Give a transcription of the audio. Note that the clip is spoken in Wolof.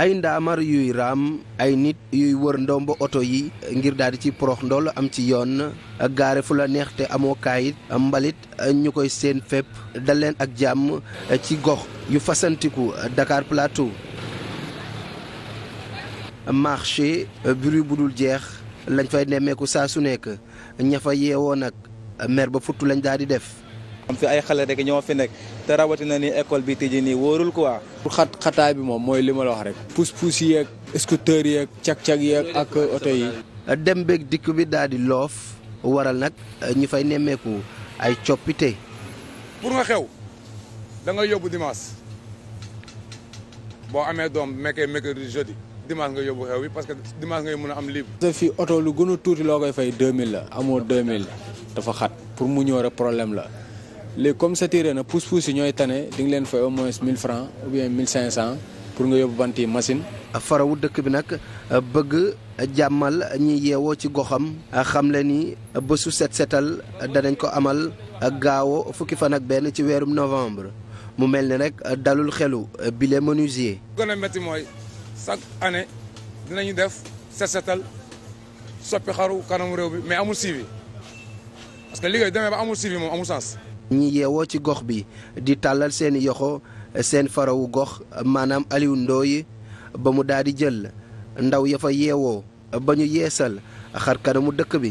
ay ndaamaar yuy raam ay nit yuy wër ndomba oto yi ngir daal di ci porox ndool am ci yoon gaare fu la neex te amoo kaayit mbalit ñu koy seen fépp dal leen ak jàmm ci gox yu fasantiku Dakar Plateau marché bruit bu dul jeex lañ fay nemmeeku saa su nekk ña fa yeewoo nag mer ba futt lañ daal di def am fi ay xale rek ñoo fi nekk te rawatina ni école bi tijji nii ko quoi. pour xat xataay bi moom mooy li ma la wax rek. pousse-pousse yeeg scooter yeeg cag-cag yeeg ak oto yi. dem beeg dikk bi daal di loof waral nag eh, ñi fay nemmeeku ay coppite. pour nga xew da nga yóbbu dimanche boo amee doom mekkee mercredi jeudi. dimanche nga yóbbu xew bi parce que dimanche ngay mën a am libre. parce que fii oto lu gën a tuuti loo koy fay 2000 la amoo mille dafa xat pour mu ñëw problème la. léegi comme saturé na pousse-pousse yi ñooy tane di nga leen fay au moins 1000 francs ou bien 1500 pour nga yóbbu bant yi machine. farawu dëkk bi nag bëgg jàmmal ñi yeewoo ci goxam xam le ni bésu set setal danañ ko amal gaawo fukki fan ak benn ci weerum novembre mu mel ni rek dalul xelu bile menuisier. gën a métti mooy chaque année dinañu def set setal soppi xaru kanamu réew bi mais amul suivi parce que liggéey demee ba amul suivi moom amul sens. ñi yeewoo ci gox bi di tàllal seen yoxo seen farawu gox maanaam Aliou Ndoye ba mu daldi di jël ndaw yafa yeewoo ba ñu yeesal xar kanamu dëkk bi